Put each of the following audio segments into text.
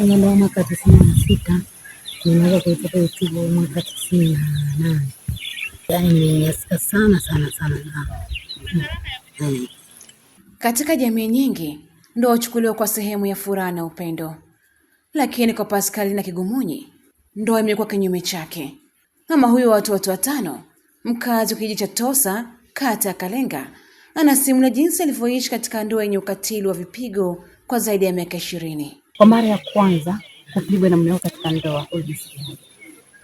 Kanyambo ndoa mwaka tisini na sita YouTube mwaka tisini na nane yaani nimenyanyasika sana sana sana sana. Hmm. Hmm. Katika jamii nyingi ndoa huchukuliwa kwa sehemu ya furaha na upendo, lakini kwa na Kigumunyi ndoa imekuwa kinyume chake. Mama huyo wa watoto watano mkazi wa kijiji cha Tosa kata ya Kalenga anasimulia jinsi alivyoishi katika ndoa yenye ukatili wa vipigo kwa zaidi ya miaka ishirini. Kwa mara ya kwanza kupigwa na mume wako katika ndoa ulijisikiaje?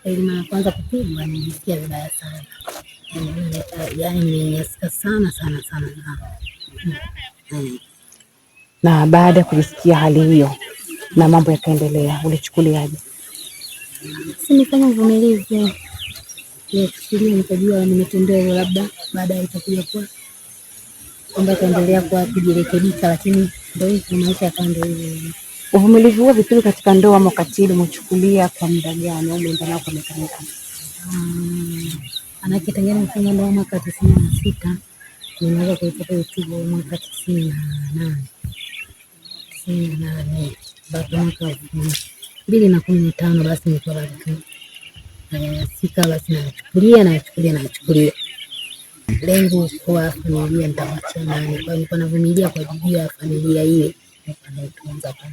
Eh, mara ya kwanza kupigwa nilisikia vibaya sana, yaani nilinyanyasika sana sana sana sana. Hmm. Eh. Na baada ya kujisikia hali hiyo na mambo yakaendelea, ulichukuliaje? Si nifanya uvumilivu, niachukulia nikajua nimetendewa, labda baadaye itakuja kuwa kwamba itaendelea kuwa kujirekebisha, lakini ndio hivyo maisha yakawa ndio hivyo. Uvumilivu huo vipindi katika ndoa ama ukatili umechukulia kwa muda gani au umeenda nao kwa miaka mingapi? Maanake nimefanya ndoa mwaka tisini na sita nimeanza kuipata utubu mwaka tisini na nane tisini na nane bado mwaka mbili na kumi na tano basi nikuwa bado nanyanyasika, basi nayachukulia nayachukulia nayachukulia lengo kuwa familia nitawachia nani, kwa hiyo navumilia kwa ajili ya familia ile anayetunza kwa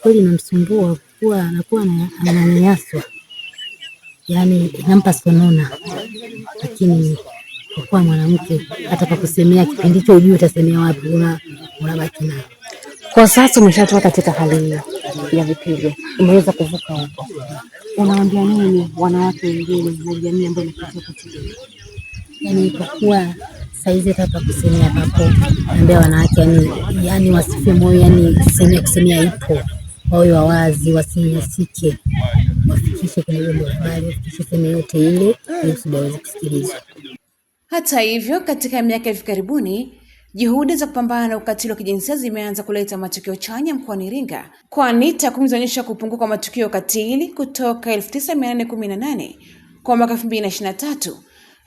kweli namsumbua, kuwa anakuwa ananyanyaswa, yaani nampa sonona, lakini kwa kuwa mwanamke hata kwa kusemea kipindi hicho ujui utasemea wapi, unabaki na Kwa sasa umeshatoka katika hali hiyo ya vipigo, umeweza kuvuka huko, unawaambia nini wanawake wengine na jamii ambayo inapitia katika, yaani kwa kuwa saizi hata kusemea hapo, naambia wanawake yani, yani wasife moyo, yani kusemea, kusemea ipo, wawe wawazi, wasinyasike, wafikishe kwenye vyombo vya habari, wafikishe sehemu yote ile, ili kusudi waweze kusikilizwa. Hata hivyo, katika miaka hivi karibuni juhudi za kupambana na ukatili wa kijinsia zimeanza kuleta matokeo chanya mkoani Iringa, kwani takwimu zinaonyesha kupungua kwa matukio ya ukatili kutoka 1918 kwa mwaka 2023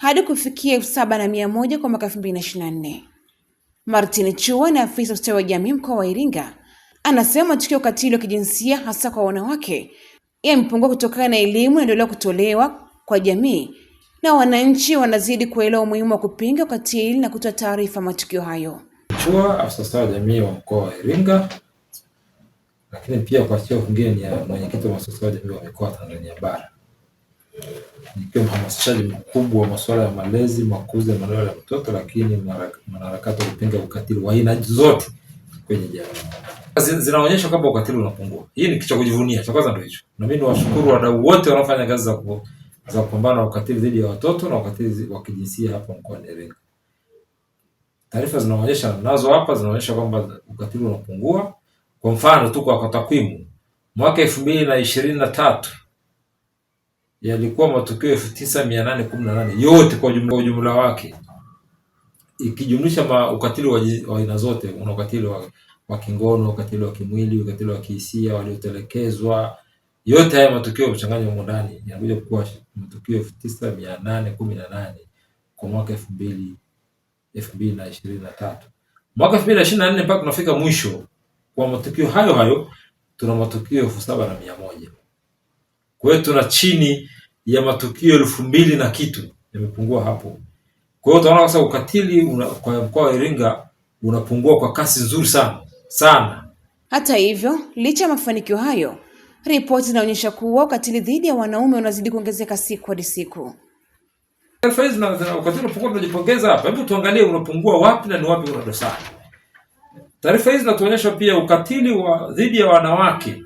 hadi kufikia elfu saba na mia moja kwa mwaka elfu mbili na ishirini na nne. Martin Chua na afisa ustawi wa jamii mkoa wa Iringa anasema matukio ukatili wa kijinsia hasa kwa wanawake yamepungua kutokana na elimu inaendelea kutolewa kwa jamii na wananchi wanazidi kuelewa umuhimu wa kupinga ukatili na kutoa taarifa matukio hayo. Chua afisa ustawi wa jamii wa mkoa wa Iringa, lakini pia kwa cheo kingine ni mwenyekiti wa ustawi wa jamii wa mikoa Tanzania bara ikiwa mhamasishaji mkubwa wa masuala ya malezi, makuzi ya maendeleo ya mtoto, lakini mwanaharakati wa kupinga ukatili wa aina zote kwenye jamii. Zinaonyesha kwamba ukatili unapungua. Hii ni kitu cha kujivunia, cha kwanza ndio hicho. Na mimi niwashukuru wadau wote wanaofanya kazi za za kupambana na ukatili dhidi ya watoto na ukatili wa kijinsia hapa mkoa wa Iringa. Taarifa zinaonyesha nazo hapa zinaonyesha kwamba ukatili unapungua. Kwa mfano tu kwa takwimu, mwaka elfu mbili na ishirini na tatu yalikuwa matukio elfu tisa mia nane kumi na nane yote kwa ujumla, ujumla wake ikijumlisha ukatili wa aina zote. Kuna ukatili wa, wa kingono, ukatili wa kimwili, ukatili wa kihisia, waliotelekezwa. Yote haya matukio yamechanganywa humo ndani yanakuja kuwa matukio elfu tisa mia nane kumi na nane kwa mwaka elfu mbili elfu mbili na ishirini na tatu mwaka elfu mbili na ishirini na nne mpaka tunafika mwisho kwa matukio hayo hayo tuna matukio elfu saba na mia moja. Kwa hiyo tuna chini ya matukio elfu mbili na kitu yamepungua hapo. Kwa hiyo utaona sasa ukatili una, kwa mkoa wa Iringa unapungua kwa kasi nzuri sana sana. Hata hivyo, licha ya mafanikio hayo, ripoti zinaonyesha kuwa ukatili dhidi ya wanaume unazidi kuongezeka siku hadi siku. Taarifa hizi na ukatili unapungua, tunajipongeza hapa. Hebu tuangalie unapungua wapi na ni wapi kuna dosari. Taarifa hizi zinatuonyesha pia ukatili wa dhidi ya wanawake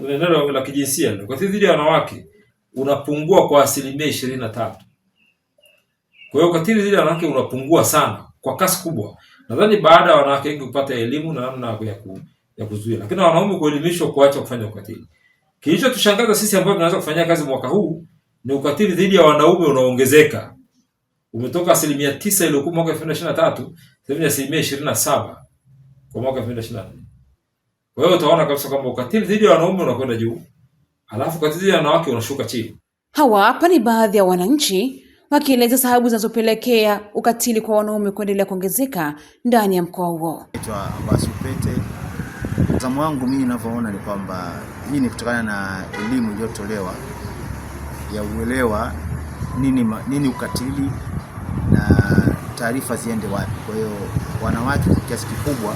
neno la kijinsia ukatili dhidi ya wanawake unapungua kwa asilimia ishirini na tatu. Kwa hiyo ukatili dhidi ya wanawake unapungua sana kwa kasi kubwa, nadhani baada ya wanawake wengi kupata elimu na namna ya ku, ya kuzuia, lakini wanaume kuelimishwa kuacha kufanya ukatili. Kilichotushangaza sisi ambao tunaanza kufanya kazi mwaka huu ni ukatili dhidi ya wanaume unaongezeka, umetoka asilimia tisa iliyokuwa mwaka 2023 sasa ni asilimia 27 kwa mwaka 2024. Kwa hiyo utaona kabisa kwamba ukatili dhidi ya wanaume unakwenda juu, alafu ukatili dhidi ya wanawake unashuka chini. Hawa hapa ni baadhi ya wananchi wakieleza sababu zinazopelekea ukatili kwa wanaume kuendelea kuongezeka ndani ya mkoa huo. Naitwa Abbas Upete. Mtazamo wangu mimi ninavyoona ni kwamba hii ni kutokana na elimu iliyotolewa ya uelewa nini, nini ukatili na taarifa ziende wapi. Kwa hiyo wanawake kwa kiasi kikubwa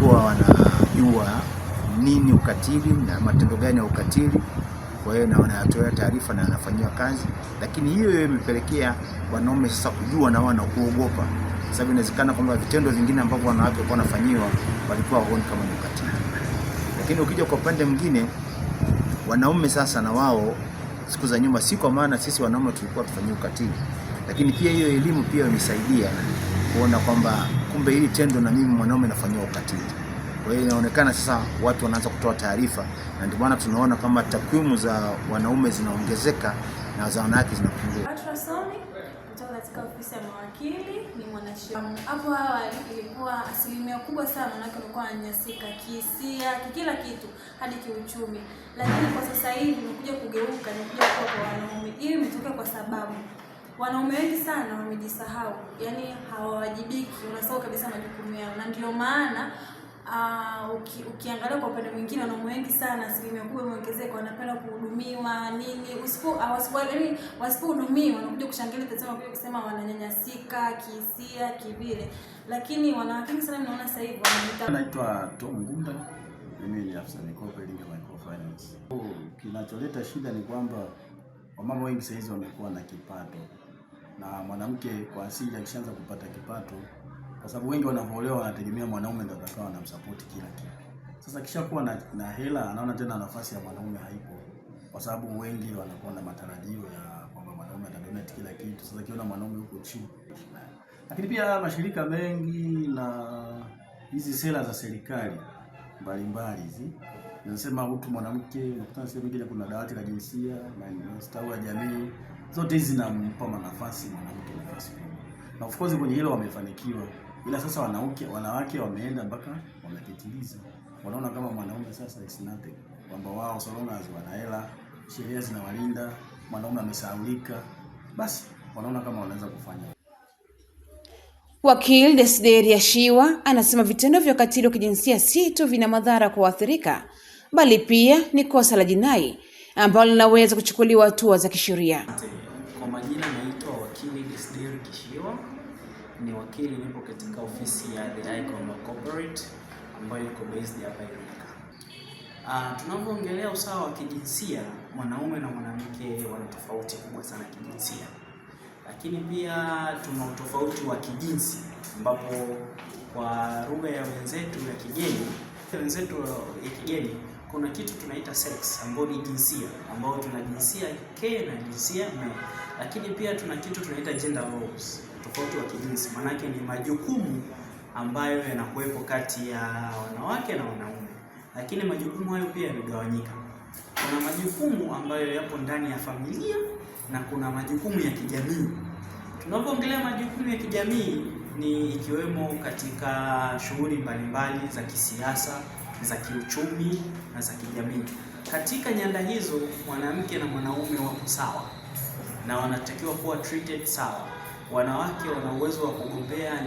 walikuwa wanajua nini ukatili na matendo gani ya ukatili, kwa hiyo na wanatolea taarifa na wanafanyiwa kazi. Lakini hiyo hiyo imepelekea wanaume sasa kujua na wana kuogopa, sababu inawezekana kwamba vitendo vingine ambavyo wanawake walikuwa wanafanyiwa walikuwa hawaoni kama ni ukatili. Lakini ukija kwa upande mwingine, wanaume sasa na wao siku za nyuma, si kwa maana sisi wanaume tulikuwa tufanyia ukatili, lakini pia hiyo elimu pia imesaidia kuona kwamba kumbe hili tendo na mimi mwanaume nafanyiwa ukatili. Kwa hiyo inaonekana sasa watu wanaanza kutoa taarifa, na ndio maana tunaona kama takwimu za wanaume zinaongezeka na za wanawake zinapungua. Kutoka katika ofisi ya mawakili ni mwanasheria. Hapo awali ilikuwa asilimia kubwa sana wanawake walikuwa wananyanyasika kihisia, kila kitu hadi kiuchumi, lakini kwa sasa hivi imekuja kugeuka na kuja kuwa kwa wanaume. ili imetokea kwa sababu wanaume wengi sana wamejisahau, yani hawawajibiki, unasahau kabisa majukumu yao, na ndio maana Uh, uki, ukiangalia kwa upande mwingine wanaume wengi sana asilimia kubwa imeongezeka, wanapenda kuhudumiwa nini, usipo wasipohudumiwa wanakuja kushangilia, tazama kuja kusema wananyanyasika kihisia kivile, lakini wanawake sana naona sasa hivi wanaita. Naitwa Tom mimi ni afisa mikopo Microfinance. Kinacholeta shida ni kwamba wamama wengi sahizi hizi wamekuwa na kipato na mwanamke kwa asili akishaanza kupata kipato, kwa sababu wengi wanavyoolewa wanategemea mwanaume ndio atakao anamsupport kila kitu. Sasa kisha kuwa na, na hela anaona tena nafasi ya mwanaume haipo, kwa sababu wengi wanakuwa na matarajio ya kwamba mwanaume atadonet kila kitu. Sasa kiona mwanaume huko chini, lakini pia mashirika mengi na hizi sera za serikali mbalimbali hizi nasema utu mwanamke, nakutana sehemu nyingine kuna dawati la jinsia na ustawi wa jamii zote hizi zinampa nafasi mwanamke nafasi kubwa, na of course kwenye hilo wamefanikiwa, ila sasa wanawake wanawake wameenda mpaka wanakitiliza, wanaona kama mwanaume sasa is nothing, kwamba wao salona wana hela, sheria zinawalinda, mwanaume amesahaulika, basi wanaona kama wanaweza kufanya Wakili Desideria Shiwa anasema vitendo vya ukatili wa kijinsia si tu vina madhara kwa waathirika, bali pia ni kosa la jinai ambalo linaweza kuchukuliwa hatua za kisheria. Kwa majina naitwa wakili Desdir Kishiwa, ni wakili nipo katika ofisi ya The Icon Corporate ambayo iko based hapa Iringa. Uh, ah, tunapoongelea usawa wa kijinsia, mwanaume na mwanamke wana tofauti kubwa sana kijinsia, lakini pia tuna utofauti wa kijinsi ambapo kwa lugha ya wenzetu ya kigeni wenzetu ya kigeni kuna kitu tunaita sex ambayo ni jinsia, ambayo tuna jinsia ke na jinsia me, lakini pia tuna kitu tunaita gender roles, tofauti wa kijinsi, maanake ni majukumu ambayo yanakuwepo kati ya wanawake na wanaume, lakini majukumu hayo pia yamegawanyika. Kuna majukumu ambayo yapo ndani ya familia na kuna majukumu ya kijamii. Tunapoongelea majukumu ya kijamii, ni ikiwemo katika shughuli mbalimbali za kisiasa za kiuchumi na za kijamii. Katika nyanda hizo mwanamke na mwanaume wako sawa na wanatakiwa kuwa treated sawa. Wanawake wana uwezo wa kugombea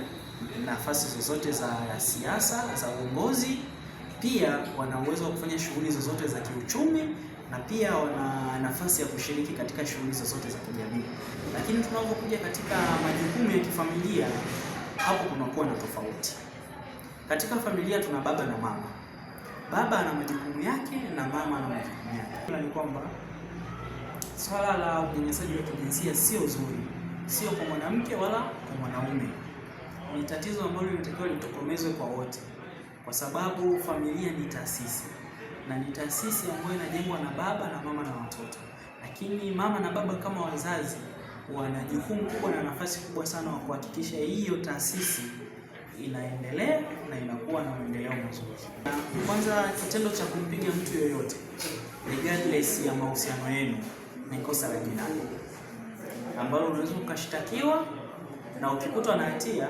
nafasi zozote za siasa, za uongozi, pia wana uwezo wa kufanya shughuli zozote za kiuchumi na pia wana nafasi ya kushiriki katika shughuli zozote za kijamii. Lakini tunapokuja katika majukumu ya kifamilia, hapo kunakuwa na tofauti. Katika familia tuna baba na mama baba ana majukumu yake na mama ana majukumu yake. Ni kwamba swala la unyanyasaji wa kijinsia sio zuri, sio kwa mwanamke wala kwa mwanaume. Ni tatizo ambalo linatakiwa litokomezwe kwa wote, kwa sababu familia ni taasisi na ni taasisi ambayo inajengwa na baba na mama na watoto, lakini mama na baba kama wazazi wana jukumu kubwa na nafasi kubwa sana wa kuhakikisha hiyo taasisi inaendelea na inakuwa na maendeleo mazuri. Kwanza, kitendo cha kumpiga mtu yoyote regardless ya mahusiano yenu ni kosa la jinai ambalo unaweza ukashtakiwa na ukikutwa na hatia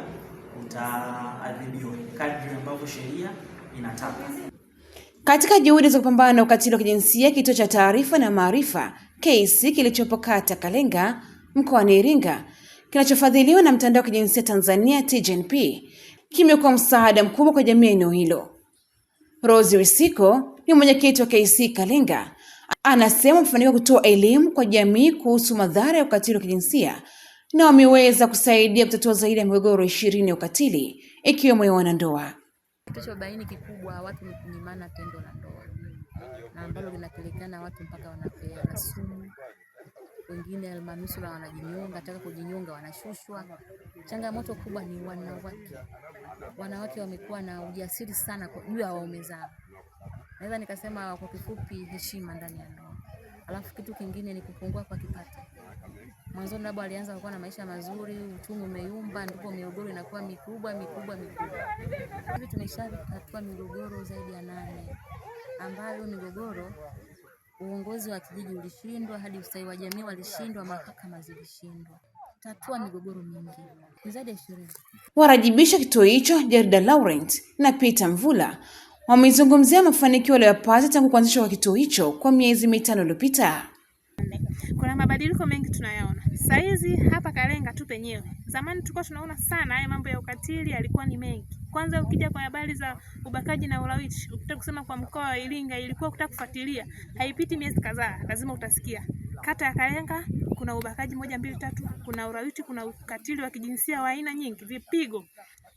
utaadhibiwa kadri ambavyo sheria inataka. Katika juhudi za kupambana na ukatili wa kijinsia, kituo cha taarifa na maarifa KC kilichopo kata Kalenga mkoani Iringa kinachofadhiliwa na mtandao wa kijinsia Tanzania TGNP kimekuwa msaada mkubwa kwa jamii ya eneo hilo. Rose Wisiko ni mwenyekiti wa KC Kalinga, anasema wamefanikiwa kutoa elimu kwa jamii kuhusu madhara ya ukatili wa kijinsia na wameweza kusaidia kutatua zaidi ya migogoro ishirini ya ukatili ikiwemo ya wanandoa. Tulichobaini kikubwa, watu ni kunyimana tendo la ndoa na ambalo linapelekana watu mpaka wanapeana sumu wengine almanusura wanajinyonga, taka kujinyonga wanashushwa. Changamoto kubwa ni wanawake. Wanawake wamekuwa na ujasiri sana juu ya waume zao, naweza nikasema kwa kifupi, heshima ndani ya ndoa. Alafu kitu kingine ni kupungua kwa kipato. Mwanzoni labda alianza kuwa na maisha mazuri, uchumi umeyumba, ndipo migogoro inakuwa mikubwa mikubwa mikubwa. Hivi tumeshatatua migogoro zaidi ya nane ambayo migogoro Uongozi wa kijiji ulishindwa, hadi ustawi wa jamii walishindwa, mahakama zilishindwa tatua migogoro mingi. Zaidi ya ishirini warajibisha kituo hicho. Jarida Laurent na Peter Mvula wamezungumzia mafanikio waliyopata tangu kuanzishwa kwa kituo hicho kwa miezi mitano iliyopita. Kuna mabadiliko mengi tunayaona saizi hapa Kalenga tu penyewe. Zamani tulikuwa tunaona sana haya mambo ya ukatili yalikuwa ni mengi kwanza ukija kwa habari za ubakaji na ulawiti, ukitaka kusema kwa mkoa wa Iringa ilikuwa kutaka kufuatilia, haipiti miezi kadhaa, lazima utasikia kata ya Kalenga kuna ubakaji moja mbili tatu, kuna ulawiti, kuna ukatili wa kijinsia wa aina nyingi, vipigo.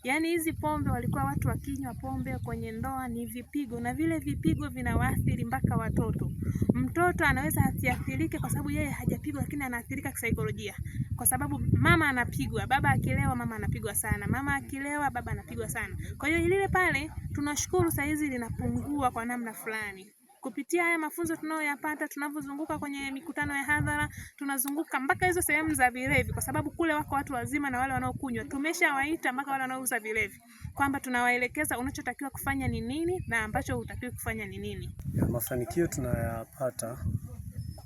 Yaani hizi pombe walikuwa watu wakinywa pombe kwenye ndoa ni vipigo, na vile vipigo vinawaathiri mpaka watoto. Mtoto anaweza asiathirike kwa sababu yeye hajapigwa, lakini anaathirika kisaikolojia, kwa sababu mama anapigwa, baba akilewa, mama anapigwa sana, mama akilewa, baba anapigwa sana. Kwa hiyo lile pale tunashukuru saizi linapungua kwa namna fulani. Kupitia haya mafunzo tunayoyapata, tunavyozunguka kwenye mikutano ya hadhara, tunazunguka mpaka hizo sehemu za vilevi, kwa sababu kule wako watu wazima na wale wanaokunywa. Tumeshawaita mpaka wale wanaouza vilevi, kwamba tunawaelekeza unachotakiwa kufanya ni nini na ambacho hutakiwi kufanya ni nini. Mafanikio tunayapata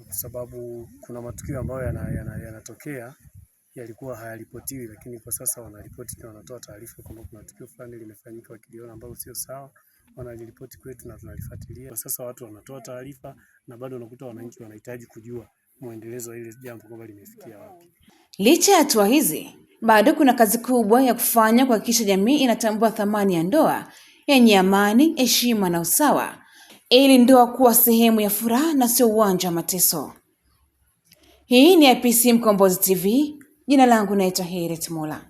kwa sababu kuna matukio ambayo yanatokea yana, yana yalikuwa hayaripotiwi, lakini kwa sasa wanaripoti na wanatoa taarifa kwamba kuna tukio fulani limefanyika, wakiliona ambalo sio sawa wanaliripoti kwetu na tunalifuatilia. Kwa sasa watu wanatoa taarifa na bado unakuta wananchi wanahitaji kujua mwendelezo wa ile jambo kwamba limefikia wapi. Licha ya hatua hizi, bado kuna kazi kubwa ya kufanya kuhakikisha jamii inatambua thamani ya ndoa yenye amani, heshima na usawa, ili ndoa kuwa sehemu ya furaha na sio uwanja wa mateso. Hii ni IPC Mkombozi TV. Jina langu naitwa Heret Mola.